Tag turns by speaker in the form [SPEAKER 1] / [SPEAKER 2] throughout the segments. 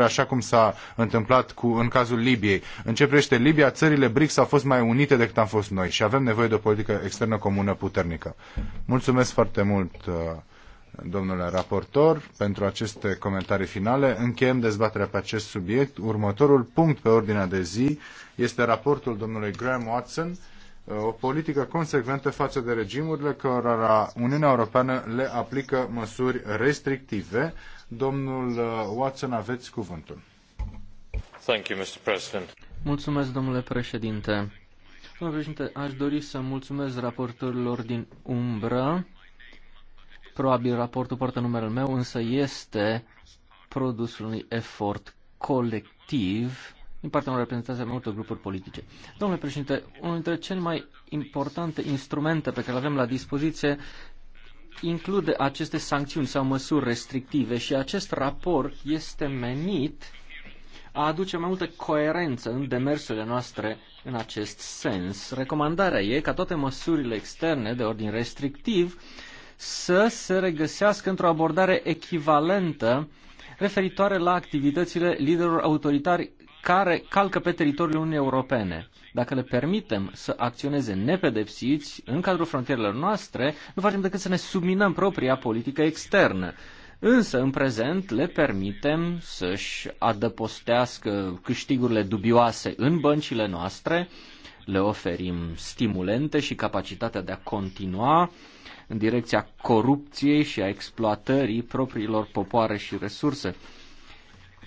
[SPEAKER 1] așa cum s-a întâmplat cu, în cazul Libiei. În ce privește Libia, țările BRICS au fost mai unite decât am fost noi și avem nevoie de o politică externă comună puternică. Mulțumesc foarte mult, uh, domnule raportor, pentru aceste comentarii finale. Încheiem dezbaterea pe acest subiect. Următorul punct pe ordinea de zi este raportul domnului Graham Watson uh, o politică consecventă față de regimurile cărora Uniunea Europeană le aplică măsuri restrictive Domnul uh, Watson, aveți cuvântul. Thank you, Mr. President. Mulțumesc,
[SPEAKER 2] domnule președinte. Domnule președinte, aș dori să mulțumesc raportorilor din umbră. Probabil raportul poartă numele meu, însă este produsul unui efort colectiv din partea unor reprezentanți ai multor grupuri politice. Domnule președinte, unul dintre cele mai importante instrumente pe care le avem la dispoziție include aceste sancțiuni sau măsuri restrictive și acest raport este menit a aduce mai multă coerență în demersurile noastre în acest sens. Recomandarea e ca toate măsurile externe de ordin restrictiv să se regăsească într-o abordare echivalentă referitoare la activitățile liderilor autoritari care calcă pe teritoriul Uniunii Europene. Dacă le permitem să acționeze nepedepsiți în cadrul frontierelor noastre, nu facem decât să ne subminăm propria politică externă. Însă, în prezent, le permitem să-și adăpostească câștigurile dubioase în băncile noastre, le oferim stimulente și capacitatea de a continua în direcția corupției și a exploatării propriilor popoare și resurse.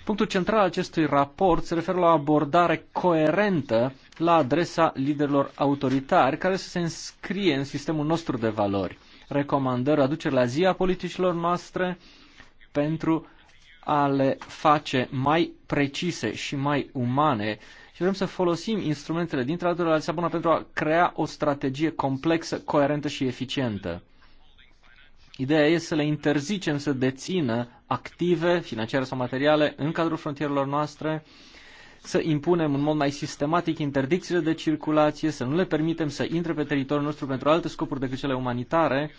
[SPEAKER 2] Punctul central al acestui raport se referă la o abordare coerentă la adresa liderilor autoritari care să se înscrie în sistemul nostru de valori. Recomandări, aduce la zi a politicilor noastre pentru a le face mai precise și mai umane și vrem să folosim instrumentele din tratatul de la Lisabona pentru a crea o strategie complexă, coerentă și eficientă. Ideea este să le interzicem să dețină active financiare sau materiale în cadrul frontierelor noastre, să impunem în mod mai sistematic interdicțiile de circulație, să nu le permitem să intre pe teritoriul nostru pentru alte scopuri decât cele umanitare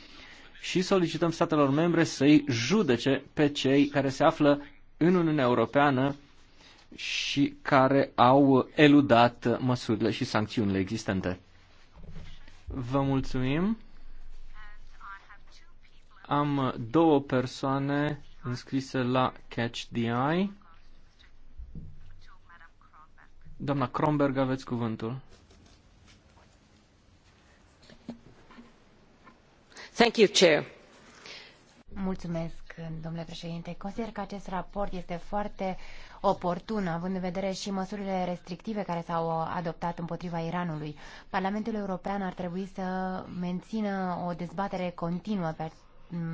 [SPEAKER 2] și solicităm statelor membre să-i judece pe cei care se află în Uniunea Europeană și care au eludat măsurile și sancțiunile existente. Vă mulțumim. Am uh, două persoane înscrise la Catch the Eye. Doamna Kronberg, aveți cuvântul. Thank you, Chair.
[SPEAKER 3] Mulțumesc, domnule președinte. Consider că acest raport este foarte oportun, având în vedere și măsurile restrictive care s-au adoptat împotriva Iranului. Parlamentul European ar trebui să mențină o dezbatere continuă pe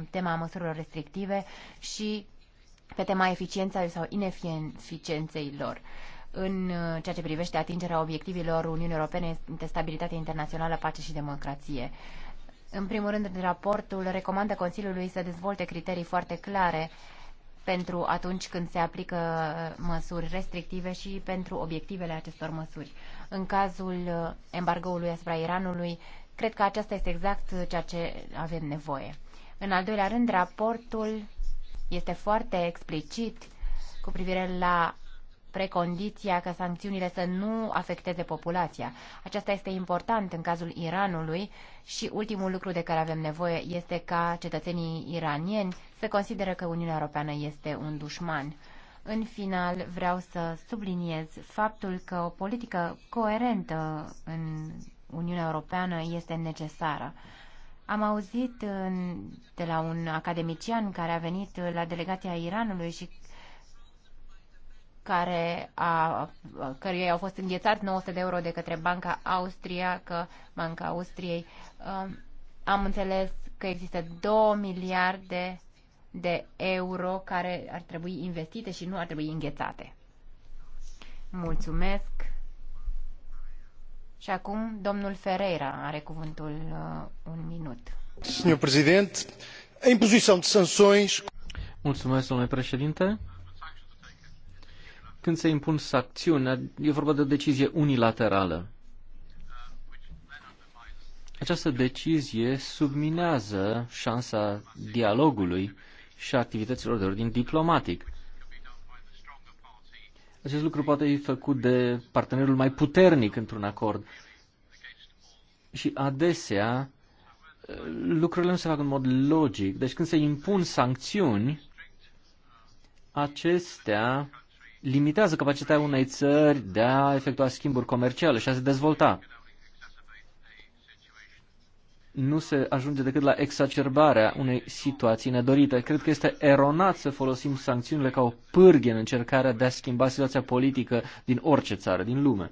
[SPEAKER 3] tema măsurilor restrictive și pe tema eficienței sau ineficienței lor. În uh, ceea ce privește atingerea obiectivelor Uniunii Europene de stabilitate internațională, pace și democrație. În primul rând, raportul recomandă Consiliului să dezvolte criterii foarte clare pentru atunci când se aplică măsuri restrictive și pentru obiectivele acestor măsuri. În cazul uh, embargoului asupra Iranului, cred că aceasta este exact uh, ceea ce avem nevoie. În al doilea rând, raportul este foarte explicit cu privire la precondiția ca sancțiunile să nu afecteze populația. Aceasta este important în cazul Iranului și ultimul lucru de care avem nevoie este ca cetățenii iranieni să consideră că Uniunea Europeană este un dușman. În final, vreau să subliniez faptul că o politică coerentă în Uniunea Europeană este necesară. Am auzit de la un academician care a venit la delegația Iranului și care a, căruia au fost înghețat 900 de euro de către Banca Austria, că Banca Austriei. Um, am înțeles că există 2 miliarde de euro care ar trebui investite și nu ar trebui înghețate. Mulțumesc. Și acum domnul Ferreira are cuvântul uh, un minut.
[SPEAKER 1] Domnul Președinte,
[SPEAKER 2] a imposição de sancțiuni, Mulțumesc, domnule președinte. Când se impun sancțiuni, e vorba de o decizie unilaterală. Această decizie subminează șansa dialogului și activităților de ordin diplomatic. Acest lucru poate fi făcut de partenerul mai puternic într-un acord. Și adesea lucrurile nu se fac în mod logic. Deci când se impun sancțiuni, acestea limitează capacitatea unei țări de a efectua schimburi comerciale și a se dezvolta nu se ajunge decât la exacerbarea unei situații nedorite. Cred că este eronat să folosim sancțiunile ca o pârghie în încercarea de a schimba situația politică din orice țară, din lume.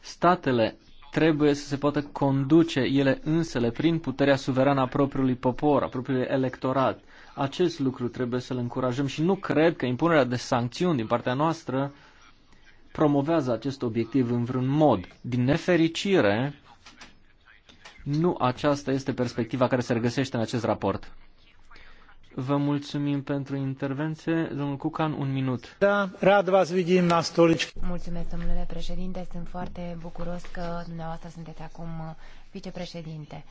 [SPEAKER 2] Statele trebuie să se poată conduce ele însele prin puterea suverană a propriului popor, a propriului electorat. Acest lucru trebuie să-l încurajăm și nu cred că impunerea de sancțiuni din partea noastră uh, promovează acest obiectiv în vreun mod. Din nefericire, nu aceasta este perspectiva care se regăsește în acest raport. Vă mulțumim pentru intervenție. Domnul Cucan, un minut. Da, rad
[SPEAKER 1] vă vidim la stolici.
[SPEAKER 3] Mulțumesc, domnule președinte. Sunt foarte bucuros că dumneavoastră sunteți acum vicepreședinte.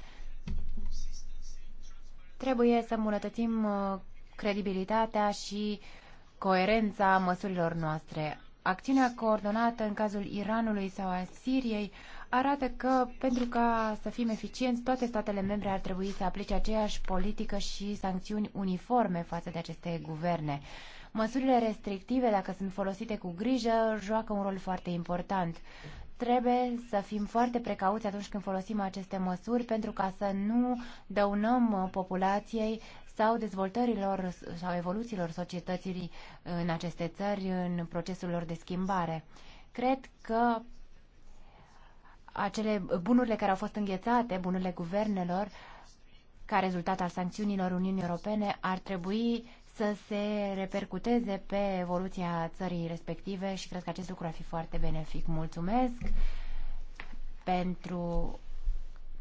[SPEAKER 3] Trebuie să îmbunătățim uh, credibilitatea și coerența măsurilor noastre acțiunea coordonată în cazul Iranului sau a Siriei arată că, pentru ca să fim eficienți, toate statele membre ar trebui să aplice aceeași politică și sancțiuni uniforme față de aceste guverne. Măsurile restrictive, dacă sunt folosite cu grijă, joacă un rol foarte important. Trebuie să fim foarte precauți atunci când folosim aceste măsuri pentru ca să nu dăunăm uh, populației sau dezvoltărilor sau evoluțiilor societății în aceste țări în procesul lor de schimbare. Cred că acele bunurile care au fost înghețate, bunurile guvernelor, ca rezultat al sancțiunilor Uniunii Europene, ar trebui să se repercuteze pe evoluția țării respective și cred că acest lucru ar fi foarte benefic. Mulțumesc pentru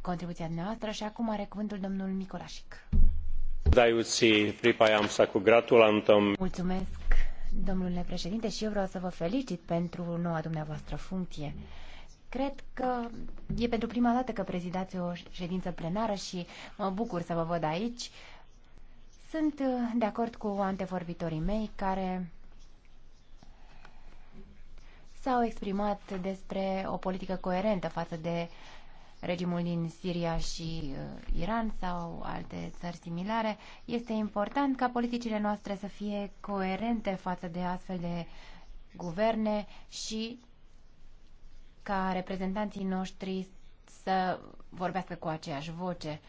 [SPEAKER 3] contribuția noastră și acum are cuvântul domnul Nicolașic. Mulțumesc, domnule președinte, și eu vreau să vă felicit pentru noua dumneavoastră funcție. Cred că e pentru prima dată că prezidați o ședință plenară și mă bucur să vă văd aici. Sunt uh, de acord cu antevorbitorii mei care s-au exprimat despre o politică coerentă față de uh, regimul din Siria și uh, Iran sau alte țări similare, este important ca politicile noastre să fie coerente față de astfel de guverne și ca reprezentanții noștri să vorbească cu aceeași voce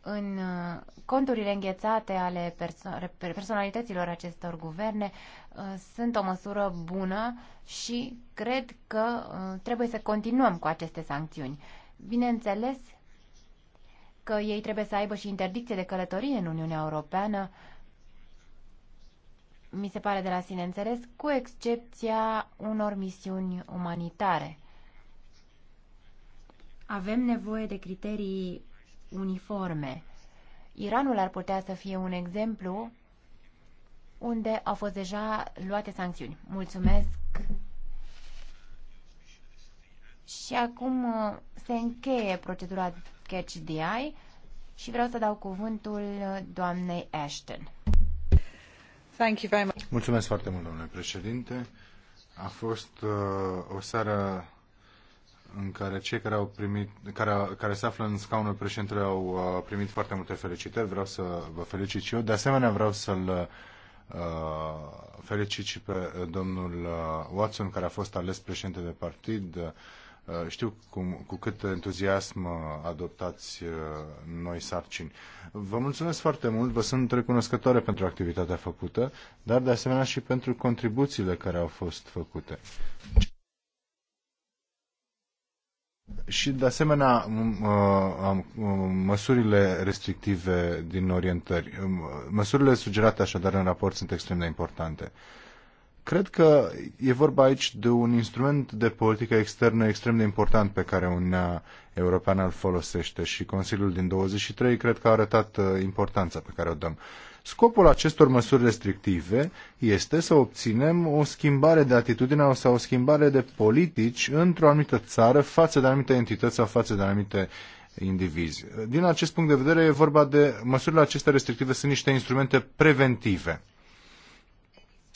[SPEAKER 3] în uh, conturile înghețate ale perso- personalităților acestor guverne uh, sunt o măsură bună și cred că uh, trebuie să continuăm cu aceste sancțiuni. Bineînțeles că ei trebuie să aibă și interdicție de călătorie în Uniunea Europeană, mi se pare de la sine înțeles, cu excepția unor misiuni umanitare. Avem nevoie de criterii uniforme. Iranul ar putea să fie un exemplu unde au fost deja luate sancțiuni. Mulțumesc! Și acum uh, se încheie procedura Catch the Eye și vreau să dau cuvântul uh, doamnei Ashton. Thank you very much.
[SPEAKER 1] Mulțumesc foarte mult, domnule președinte. A fost uh, o seară în care cei care, au primit, care, care se află în scaunul președintelui au uh, primit foarte multe felicitări. Vreau să vă felicit și eu. De asemenea, vreau să-l uh, felicit și pe uh, domnul Watson, care a fost ales președinte de partid. Știu cum, cu cât entuziasm adoptați noi sarcini. Vă mulțumesc foarte mult, vă sunt recunoscătoare pentru activitatea făcută, dar de asemenea și pentru contribuțiile care au fost făcute și, de asemenea, uh, uh, măsurile restrictive din orientări. Uh, măsurile sugerate așadar în raport sunt extrem de importante. Cred că e vorba aici de un instrument de politică externă extrem de important pe care Uniunea Europeană îl folosește și Consiliul din 23 cred că a arătat uh, importanța pe care o dăm. Scopul acestor măsuri restrictive este să obținem o schimbare de atitudine sau o schimbare de politici într-o anumită țară față de anumite entități sau față de anumite indivizi. Din acest punct de vedere e vorba de măsurile acestea restrictive sunt niște instrumente preventive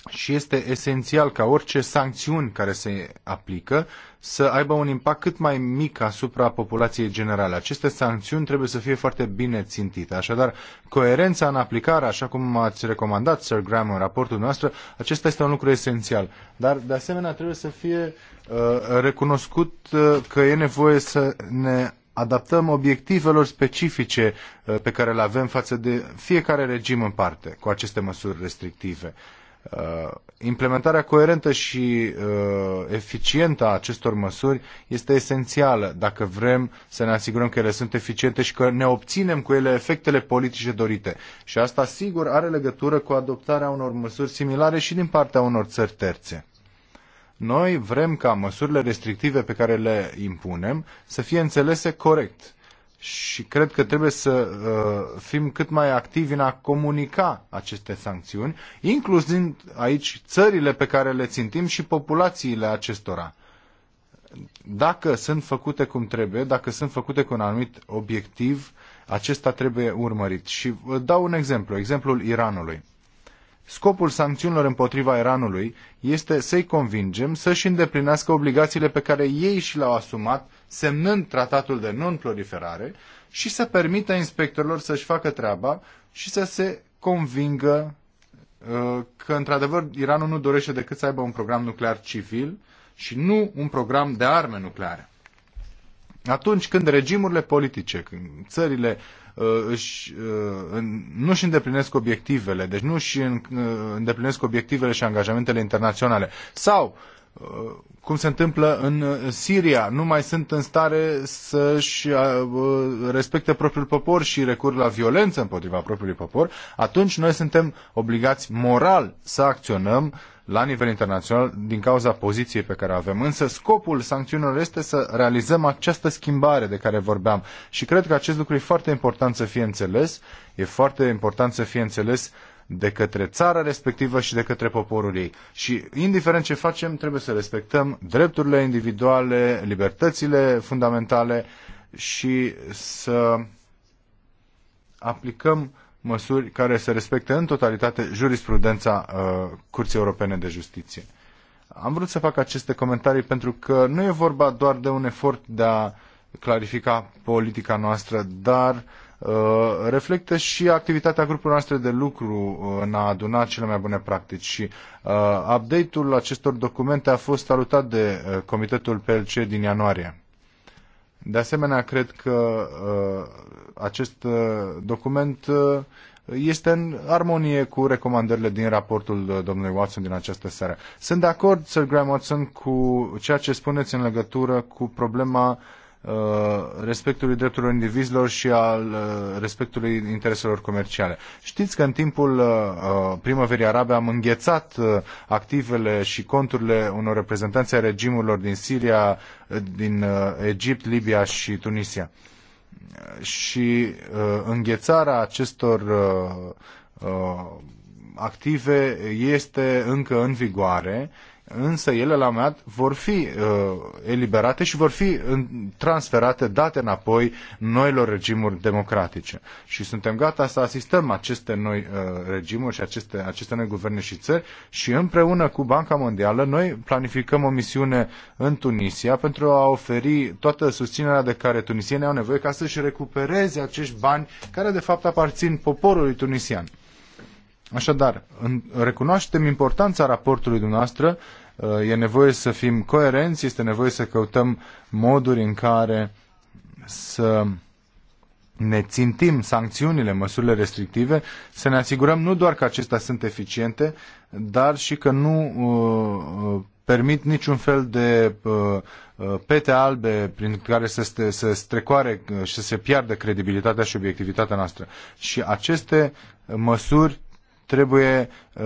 [SPEAKER 1] și este esențial ca orice sancțiuni care se aplică să aibă un impact cât mai mic asupra populației generale. Aceste sancțiuni trebuie să fie foarte bine țintite. Așadar, coerența în aplicare, așa cum ați recomandat, Sir Graham, în raportul nostru, acesta este un lucru esențial. Dar, de asemenea, trebuie să fie uh, recunoscut uh, că e nevoie să ne adaptăm obiectivelor specifice uh, pe care le avem față de fiecare regim în parte cu aceste măsuri restrictive. Uh, Uh, implementarea coerentă și uh, eficientă a acestor măsuri este esențială dacă vrem să ne asigurăm că ele sunt eficiente și că ne obținem cu ele efectele politice dorite. Și asta, sigur, are legătură cu adoptarea unor măsuri similare și din partea unor țări terțe. Noi vrem ca măsurile restrictive pe care le impunem să fie înțelese corect și cred că trebuie să uh, fim cât mai activi în a comunica aceste sancțiuni, inclusiv aici țările pe care le țintim și populațiile acestora. Dacă sunt făcute cum trebuie, dacă sunt făcute cu un anumit obiectiv, acesta trebuie urmărit. Și vă dau un exemplu, exemplul Iranului. Scopul sancțiunilor împotriva Iranului este să-i convingem să-și îndeplinească obligațiile pe care ei și le-au asumat semnând tratatul de non-proliferare și să permită inspectorilor să-și facă treaba și să se convingă uh, că, într-adevăr, Iranul nu dorește decât să aibă un program nuclear civil și nu un program de arme nucleare. Atunci când regimurile politice, când țările uh, își, uh, nu își îndeplinesc obiectivele, deci nu își uh, îndeplinesc obiectivele și angajamentele internaționale, sau Uh, cum se întâmplă în uh, Siria. Nu mai sunt în stare să-și uh, respecte propriul popor și recurg la violență împotriva propriului popor, atunci noi suntem obligați moral să acționăm la nivel internațional din cauza poziției pe care o avem. Însă scopul sancțiunilor este să realizăm această schimbare de care vorbeam și cred că acest lucru e foarte important să fie înțeles, e foarte important să fie înțeles de către țara respectivă și de către poporul ei. Și indiferent ce facem, trebuie să respectăm drepturile individuale, libertățile fundamentale și să aplicăm măsuri care să respecte în totalitate jurisprudența uh, Curții Europene de Justiție. Am vrut să fac aceste comentarii pentru că nu e vorba doar de un efort de a clarifica politica noastră, dar Uh, reflectă și activitatea grupului noastre de lucru uh, în a aduna cele mai bune practici și uh, update-ul acestor documente a fost salutat de Comitetul PLC din ianuarie. De asemenea, cred că acest document este în armonie cu recomandările din raportul domnului Watson din această seară. Sunt de acord, Sir Graham Watson, cu ceea ce spuneți în legătură cu problema uh, Uh, respectului drepturilor indivizilor și al uh, respectului intereselor comerciale. Știți că în timpul uh, primăverii arabe am înghețat activele și conturile unor reprezentanțe ai regimurilor din Siria, din Egipt, Libia și Tunisia. Și înghețarea acestor active este încă în vigoare însă ele la un moment dat vor fi uh, eliberate și vor fi transferate, date înapoi noilor regimuri democratice. Și suntem gata să asistăm aceste noi uh, regimuri și aceste, aceste noi guverne și țări și împreună cu Banca Mondială noi planificăm o misiune în Tunisia pentru a oferi toată susținerea de care tunisienii au nevoie ca să-și recupereze acești bani care de fapt aparțin poporului tunisian. Așadar, recunoaștem importanța raportului dumneavoastră, uh, e nevoie să fim coerenți, este nevoie să căutăm moduri în care să ne țintim sancțiunile, măsurile restrictive, să ne asigurăm nu doar că acestea sunt eficiente, dar și că nu uh, uh permit niciun fel de uh, uh, pete albe prin care să, ste, să strecoare și să se piardă credibilitatea și obiectivitatea noastră. Și aceste măsuri trebuie uh,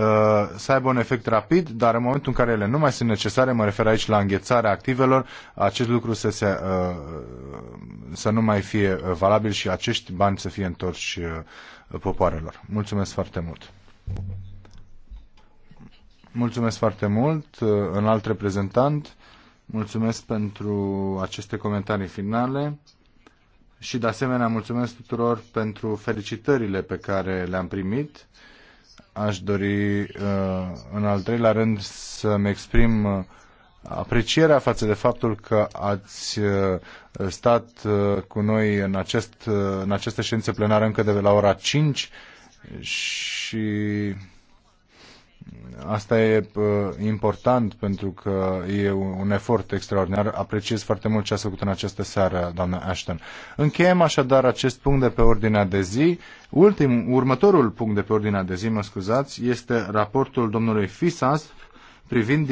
[SPEAKER 1] să aibă un efect rapid, dar în momentul în care ele nu mai sunt necesare, mă refer aici la înghețarea activelor, acest lucru să, se, uh, să nu mai fie uh, valabil și acești bani să fie întorși uh, popoarelor. Mulțumesc foarte mult! Mulțumesc foarte mult, un uh, alt reprezentant. Mulțumesc pentru aceste comentarii finale și de asemenea mulțumesc tuturor pentru felicitările pe care le-am primit aș dori uh, în al treilea rând să-mi exprim uh, aprecierea față de faptul că ați uh, stat cu noi în, acest, în această ședință plenară încă de la ora 5 și Asta e important pentru că e un efort extraordinar. Apreciez foarte mult ce ați făcut în această seară, doamna Ashton. Încheiem așadar acest punct de pe ordinea de zi. Ultim, următorul punct de pe ordinea de zi, mă scuzați, este raportul domnului Fisas privind